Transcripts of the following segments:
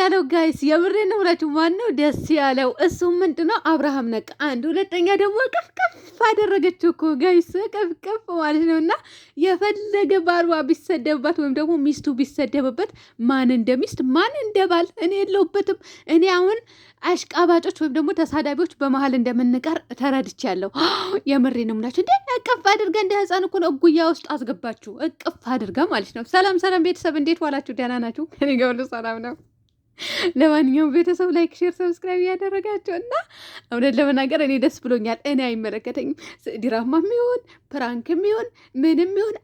ያለው ጋይስ፣ የምሬ ነው ብላችሁ ነው ደስ ያለው? እሱ ምንድነው አብርሃም ነቅ አንድ፣ ሁለተኛ ደግሞ ቅፍቅፍ አደረገችው እኮ ጋይስ፣ ቅፍቅፍ ማለት ነው። እና የፈለገ ባልዋ ቢሰደብባት ወይም ደግሞ ሚስቱ ቢሰደብበት ማን እንደ ሚስት ማን እንደ ባል እኔ የለውበትም። እኔ አሁን አሽቃባጮች ወይም ደግሞ ተሳዳቢዎች በመሀል እንደምንቀር ተረድቻለሁ። የምሬ ነው ብላችሁ እንደ እቅፍ አድርጋ እንደ ህፃን እኮ ነው እጉያ ውስጥ አስገባችሁ። እቅፍ አድርገ ማለት ነው። ሰላም ሰላም ቤተሰብ፣ እንዴት ዋላችሁ? ደህና ናችሁ? እኔ ገብሉ ሰላም ነው። ለማንኛውም ቤተሰብ ላይክ፣ ሼር፣ ሰብስክራይብ እያደረጋቸው እና እውነት ለመናገር እኔ ደስ ብሎኛል። እኔ አይመለከተኝም ድራማ የሚሆን ፕራንክ የሚሆን ምንም ይሆን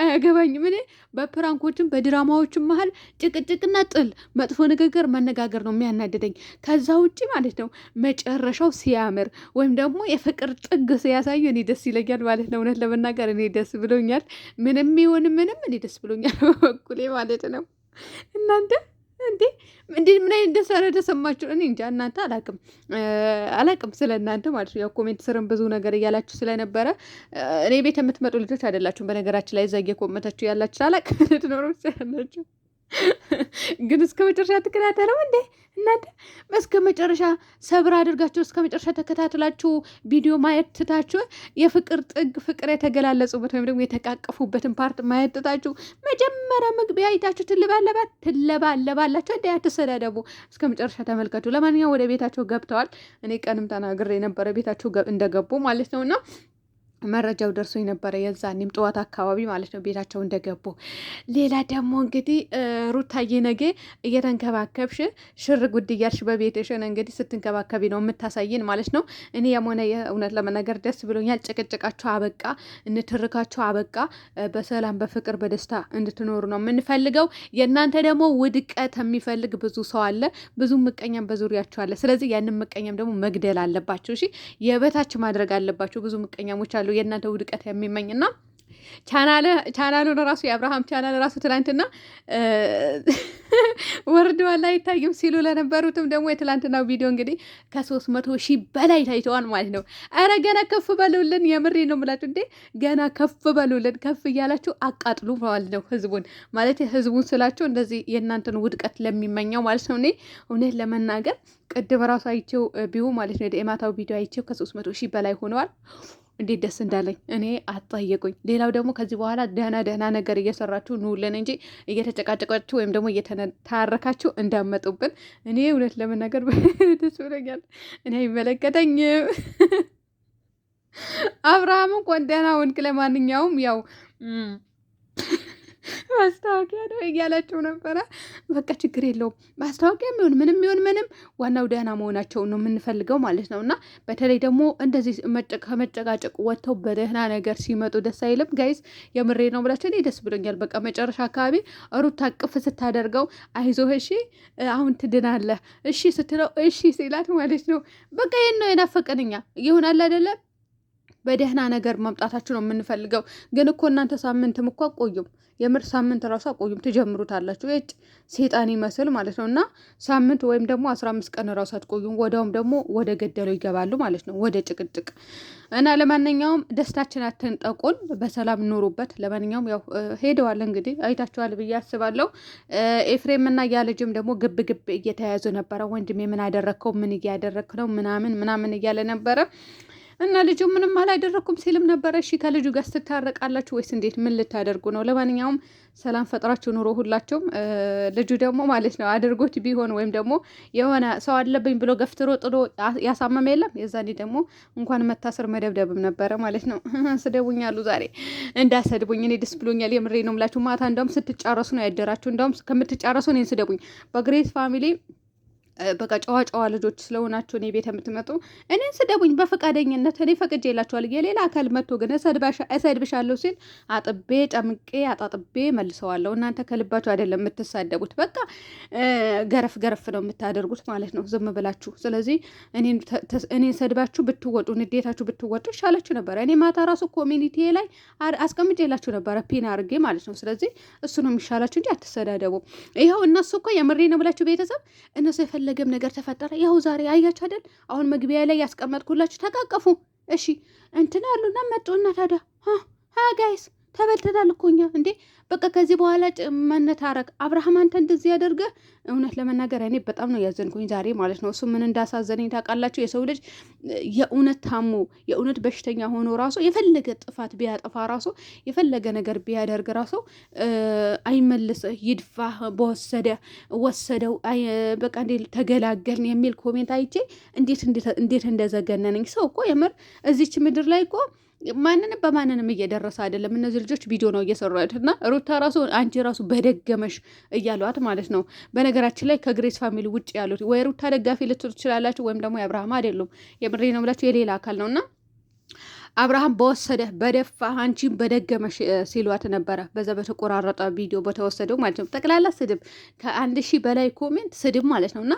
አያገባኝም። እኔ በፕራንኮችም በድራማዎችም መሀል ጭቅጭቅና ጥል፣ መጥፎ ንግግር፣ መነጋገር ነው የሚያናድደኝ። ከዛ ውጭ ማለት ነው መጨረሻው ሲያምር ወይም ደግሞ የፍቅር ጥግ ሲያሳዩ እኔ ደስ ይለኛል ማለት ነው። እውነት ለመናገር እኔ ደስ ብሎኛል። ምንም ይሆን ምንም እኔ ደስ ብሎኛል በበኩሌ ማለት ነው። እናንተ እንዴ እንዴ ምን አይነት ደስ ያለ ተሰማችሁ? እኔ እንጃ እናንተ አላቅም አላቅም ስለ እናንተ ማለት ነው። ያው ኮሜንት ስርም ብዙ ነገር እያላችሁ ስለነበረ እኔ ቤት የምትመጡ ልጆች አይደላችሁም። በነገራችን ላይ እዛ እየኮመታችሁ ያላችሁ አላቅ ልትኖሩ ትችላላችሁ። ግን እስከ መጨረሻ ተከታተለው እንዴ እናንተ እስከ መጨረሻ ሰብር አድርጋችሁ እስከ መጨረሻ ተከታተላችሁ ቪዲዮ ማየት ትታችሁ የፍቅር ጥግ ፍቅር የተገላለጹበት ወይም ደግሞ የተቃቀፉበትን ፓርት ማየት ትታችሁ መጀመሪያ መግቢያ አይታችሁ ትልባለባ ትለባለባላችሁ እንደ አትሰዳደቡ። እስከ መጨረሻ ተመልከቱ። ለማንኛውም ወደ ቤታቸው ገብተዋል። እኔ ቀንም ተናግሬ የነበረ ቤታቸው እንደገቡ ማለት እና መረጃው ደርሶ የነበረ የዛኔም ጠዋት አካባቢ ማለት ነው ቤታቸው እንደገቡ። ሌላ ደግሞ እንግዲህ ሩታዬ ነገ እየተንከባከብሽ ሽር ጉድ እያልሽ በቤትሽን እንግዲህ ስትንከባከቢ ነው የምታሳይን ማለት ነው። እኔ የሞነ የእውነት ለመናገር ደስ ብሎኛል። ጭቅጭቃቸው አበቃ፣ እንትርካቸው አበቃ። በሰላም በፍቅር በደስታ እንድትኖሩ ነው የምንፈልገው። የእናንተ ደግሞ ውድቀት የሚፈልግ ብዙ ሰው አለ፣ ብዙ ምቀኛም በዙሪያቸው አለ። ስለዚህ ያንን ምቀኛም ደግሞ መግደል አለባቸው። እሺ የበታች ማድረግ አለባቸው። ብዙ ምቀኛሞች አሉ አውቃለሁ የእናንተ ውድቀት የሚመኝና ቻናሉን ራሱ የአብርሃም ቻናል ራሱ ወርድ ወርደዋል አይታይም ሲሉ ለነበሩትም ደግሞ የትላንትናው ቪዲዮ እንግዲህ ከሶስት መቶ ሺህ በላይ ታይተዋል ማለት ነው። ኧረ ገና ከፍ በሉልን፣ የምሬ ነው ምላችሁ እንዴ ገና ከፍ በሉልን፣ ከፍ እያላችሁ አቃጥሉ ማለት ነው ህዝቡን። ማለት ህዝቡን ስላችሁ እንደዚህ የእናንተን ውድቀት ለሚመኘው ማለት ነው። እኔ እውነት ለመናገር ቅድም ራሱ አይቼው ቢሁ ማለት ነው የማታው ቪዲዮ አይቼው ከሶስት መቶ ሺህ በላይ ሆነዋል። እንዴት ደስ እንዳለኝ እኔ አትጠየቁኝ። ሌላው ደግሞ ከዚህ በኋላ ደህና ደህና ነገር እየሰራችሁ ንውለን እንጂ እየተጨቃጨቃችሁ ወይም ደግሞ እየተታረካችሁ እንዳመጡብን። እኔ እውነት ለመናገር ደስ ብሎኛል። እኔ አይመለከተኝም። አብርሃም እንኳን ደህና ወንክ። ለማንኛውም ያው ማስታወቂያ ነው እያላቸው ነበረ። በቃ ችግር የለውም ማስታወቂያ የሚሆን ምንም ይሆን ምንም፣ ዋናው ደህና መሆናቸውን ነው የምንፈልገው ማለት ነው። እና በተለይ ደግሞ እንደዚህ ከመጨቃጨቅ ወጥተው በደህና ነገር ሲመጡ ደስ አይልም ጋይስ። የምሬ ነው ብላቸው እኔ ደስ ብሎኛል። በቃ መጨረሻ አካባቢ ሩታ ቅፍ ስታደርገው አይዞህ እሺ፣ አሁን ትድናለህ እሺ ስትለው እሺ ሲላት ማለት ነው። በቃ ይህን ነው የናፈቀንኛ ይሆናል አይደለም በደህና ነገር መምጣታችሁ ነው የምንፈልገው። ግን እኮ እናንተ ሳምንትም እኮ አቆዩም። የምር ሳምንት ራሱ አቆዩም። ትጀምሩታላችሁ ጭ ሴጣን ይመስል ማለት ነው። እና ሳምንት ወይም ደግሞ አስራ አምስት ቀን ራሱ አትቆዩም። ወዲያውም ደግሞ ወደ ገደለው ይገባሉ ማለት ነው፣ ወደ ጭቅጭቅ እና ለማንኛውም ደስታችን አትንጠቁን፣ በሰላም ኑሩበት። ለማንኛውም ያው ሄደዋል እንግዲህ አይታችኋል ብዬ አስባለሁ። ኤፍሬምና ያ ልጅም ደግሞ ግብ ግብ እየተያያዙ ነበረ። ወንድሜ ምን አደረግከው? ምን እያደረግክ ነው? ምናምን ምናምን እያለ ነበረ እና ልጁ ምንም አላደረኩም ሲልም ነበረ። እሺ ከልጁ ጋር ስትታረቃላችሁ ወይስ እንዴት? ምን ልታደርጉ ነው? ለማንኛውም ሰላም ፈጥራችሁ ኑሮ ሁላችሁም። ልጁ ደግሞ ማለት ነው አድርጎት ቢሆን ወይም ደግሞ የሆነ ሰው አለብኝ ብሎ ገፍትሮ ጥሎ ያሳመመ የለም። የዛኔ ደግሞ እንኳን መታሰር መደብደብም ነበረ ማለት ነው። ስደቡኛሉ ዛሬ እንዳሰድቡኝ እኔ ደስ ብሎኛል። የምሬ ነው ምላችሁ። ማታ እንደውም ስትጫረሱ ነው ያደራችሁ። እንደውም ከምትጫረሱ እኔን ስደቡኝ በግሬት ፋሚሊ በቃ ጨዋ ጨዋ ልጆች ስለሆናቸው እኔ ቤት የምትመጡ እኔን ስደቡኝ በፈቃደኝነት እኔ የላቸዋል። የሌላ አካል መጥቶ ግን እሰድብሻለሁ ሲል አጥቤ ጨምቄ አጣጥቤ መልሰዋለሁ። እናንተ ከልባችሁ አይደለም የምትሳደቡት፣ በቃ ገረፍ ገረፍ ነው የምታደርጉት ማለት ነው ዝም ብላችሁ። ስለዚህ እኔን ሰድባችሁ ብትወጡ፣ ንዴታችሁ ብትወጡ ይሻላችሁ ነበረ። እኔ ማታ ራሱ ኮሚኒቲ ላይ የላችሁ ነበረ ፒን አድርጌ ማለት ነው። ስለዚህ እሱ ነው የሚሻላችሁ እንጂ አትሰዳደቡ። ይኸው እነሱ እኮ የምሬ ነው ብላችሁ ቤተሰብ እነሱ ያልተፈለገም ነገር ተፈጠረ። ይኸው ዛሬ አያችሁ አይደል? አሁን መግቢያ ላይ ያስቀመጥኩላችሁ ተቃቀፉ። እሺ እንትን አሉና መጡና ታዲያ ሀ ጋይስ ተበልተናል እኮ እኛ እንዴ በቃ ከዚህ በኋላ መነታረቅ። አብርሃም አንተ እንደዚህ ያደርገ። እውነት ለመናገር እኔ በጣም ነው ያዘንኩኝ ዛሬ ማለት ነው። እሱ ምን እንዳሳዘነኝ ታውቃላችሁ? የሰው ልጅ የእውነት ታሞ የእውነት በሽተኛ ሆኖ ራሱ የፈለገ ጥፋት ቢያጠፋ ራሱ የፈለገ ነገር ቢያደርግ ራሱ አይመልስ ይድፋ በወሰደ ወሰደው፣ በቃ እንዴ ተገላገልን የሚል ኮሜንት አይቼ እንዴት እንዴት እንደዘገነነኝ ሰው እኮ የምር እዚች ምድር ላይ እኮ ማንንም በማንንም እየደረሰ አይደለም። እነዚህ ልጆች ቪዲዮ ነው እየሰሩ እና ሩታ ራሱ አንቺ ራሱ በደገመሽ እያሏት ማለት ነው። በነገራችን ላይ ከግሬስ ፋሚሊ ውጭ ያሉት ወይ ሩታ ደጋፊ ልትሉ ትችላላችሁ፣ ወይም ደግሞ የአብርሃም አይደሉም። የምሬ ነው ብላችሁ የሌላ አካል ነው እና አብርሃም በወሰደህ በደፋ አንቺን በደገመሽ ሲሏት ነበረ። በዛ በተቆራረጠ ቪዲዮ በተወሰደው ማለት ነው። ጠቅላላ ስድብ ከአንድ ሺህ በላይ ኮሜንት ስድብ ማለት ነው። እና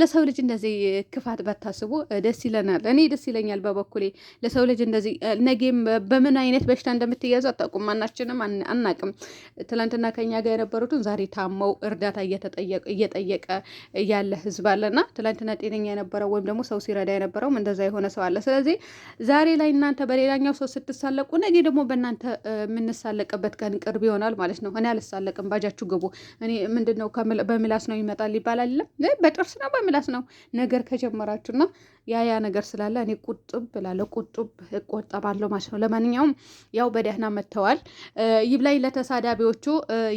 ለሰው ልጅ እንደዚህ ክፋት በታስቡ ደስ ይለናል። እኔ ደስ ይለኛል በበኩሌ ለሰው ልጅ እንደዚህ ነጌም በምን አይነት በሽታ እንደምትያዙ አታውቁም። ማናችንም አናቅም። ትላንትና ከኛ ጋር የነበሩትን ዛሬ ታመው እርዳታ እየጠየቀ ያለ ህዝብ አለና ትላንትና ጤነኛ የነበረው ወይም ደግሞ ሰው ሲረዳ የነበረውም እንደዛ የሆነ ሰው አለ። ስለዚህ ዛሬ ላይ እናንተ በሌላኛው ሰው ስትሳለቁ፣ ነገ ደግሞ በእናንተ የምንሳለቅበት ቀን ቅርብ ይሆናል ማለት ነው። እኔ አልሳለቅም፣ ባጃችሁ ግቡ። እኔ ምንድን ነው በምላስ ነው ይመጣል ይባላል፣ በጥርስ ነው በምላስ ነው ነገር ከጀመራችሁና ያ ያ ነገር ስላለ እኔ ቁጡብ ብላለሁ፣ ቁጡብ እቆጠባለሁ ማለት ነው። ለማንኛውም ያው በደህና መጥተዋል። ይብላኝ ለተሳዳቢዎቹ፣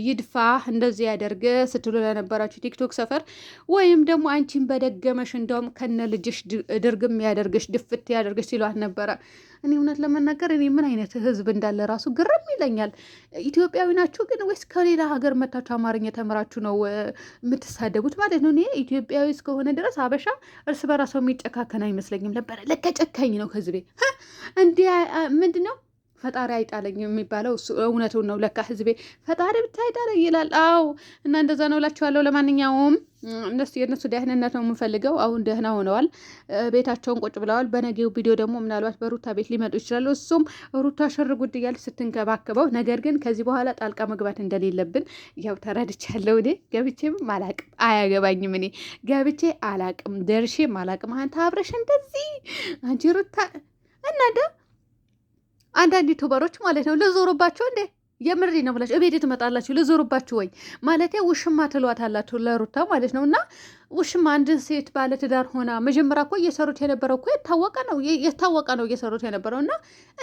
ይድፋ እንደዚህ ያደርግ ስትሉ ለነበራችሁ ቲክቶክ ሰፈር ወይም ደግሞ አንቺን በደገመሽ እንደውም ከነ ልጅሽ ድርግም ያደርግሽ ድፍት ያደርግሽ ሲሏት ነበረ። እኔ እውነት ለመናገር እኔ ምን አይነት ህዝብ እንዳለ ራሱ ግርም ይለኛል። ኢትዮጵያዊ ናችሁ ግን ወይስ ከሌላ ሀገር መታችሁ አማርኛ ተምራችሁ ነው የምትሳደቡት ማለት ነው? እኔ ኢትዮጵያዊ እስከሆነ ድረስ አበሻ እርስ በራሰው የሚጨካከል የጨከነ አይመስለኝም ነበረ። ለካ ነው ህዝቤ ቤት እንዲህ ምንድን ነው ፈጣሪ አይጣለኝ የሚባለው እሱ እውነቱን ነው። ለካ ህዝቤ ፈጣሪ ብቻ አይጣለኝ ይላል። አዎ እና እንደዛ ነው እላችኋለሁ። ለማንኛውም እነሱ የእነሱ ደህንነት ነው የምንፈልገው። አሁን ደህና ሆነዋል፣ ቤታቸውን ቁጭ ብለዋል። በነገው ቪዲዮ ደግሞ ምናልባት በሩታ ቤት ሊመጡ ይችላሉ። እሱም ሩታ ሽር ጉድ ስትንከባከበው፣ ነገር ግን ከዚህ በኋላ ጣልቃ መግባት እንደሌለብን ያው ተረድቻለሁ። እኔ ገብቼም አላቅም፣ አያገባኝም። እኔ ገብቼ አላቅም፣ ደርሼም አላቅም። አንተ አብረሽ እንደዚህ አንቺ ሩታ እናደ አንዳንድ ዩቱበሮች ማለት ነው ልዞሩባቸው እንዴ የምሬ ነው ብላችሁ እቤት ትመጣላችሁ። ልዞሩባችሁ ወይ ማለት ውሽማ ትሏት አላችሁ ለሩታ ማለት ነው እና ውሽም አንድን ሴት ባለትዳር ሆና መጀመሪያ እኮ እየሰሩት የነበረው እኮ የታወቀ ነው የታወቀ ነው እየሰሩት የነበረው እና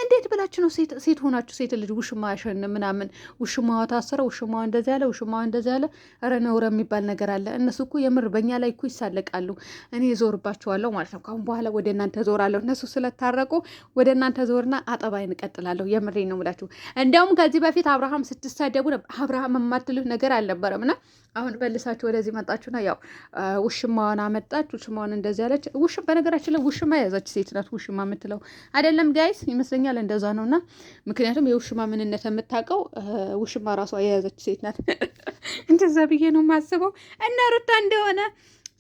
እንዴት ብላችሁ ነው ሴት ሆናችሁ ሴት ልጅ ውሽማ ያሸን ምናምን ውሽማዋ ታሰረ፣ ውሽማዋ እንደዚ ያለ፣ ውሽማዋ እንደዚ ያለ። ኧረ ነውር የሚባል ነገር አለ። እነሱ እኮ የምር በእኛ ላይ እኮ ይሳለቃሉ። እኔ ዞርባችኋለሁ ማለት ነው። ካሁን በኋላ ወደ እናንተ ዞራለሁ። እነሱ ስለታረቁ ወደ እናንተ ዞርና አጠባይ እንቀጥላለሁ። የምሬ ነው ብላችሁ እንዲያውም ከዚህ በፊት አብርሃም ስትሳደቡ አብርሃም የማትሉት ነገር አልነበረም እና አሁን መልሳችሁ ወደዚህ መጣችሁና ያው ውሽማዋን አመጣች። ውሽማዋን እንደዚህ ያለች ውሽ በነገራችን ላይ ውሽማ የያዘች ሴት ናት። ውሽማ የምትለው አይደለም ጋይስ ይመስለኛል፣ እንደዛ ነው። እና ምክንያቱም የውሽማ ምንነት የምታውቀው ውሽማ ራሷ የያዘች ሴት ናት። እንደዛ ብዬ ነው የማስበው። እና ሩታ እንደሆነ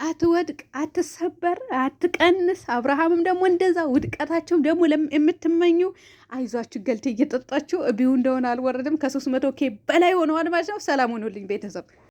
አትወድቅ፣ አትሰበር፣ አትቀንስ። አብርሃምም ደግሞ እንደዛ ውድቀታቸው ደግሞ የምትመኙ አይዟችሁ፣ ገልቴ እየጠጣችሁ ቢው እንደሆነ አልወረድም። ከሶስት መቶ ኬ በላይ ሆነዋል ማለት ነው። ሰላም ሆኖልኝ ቤተሰብ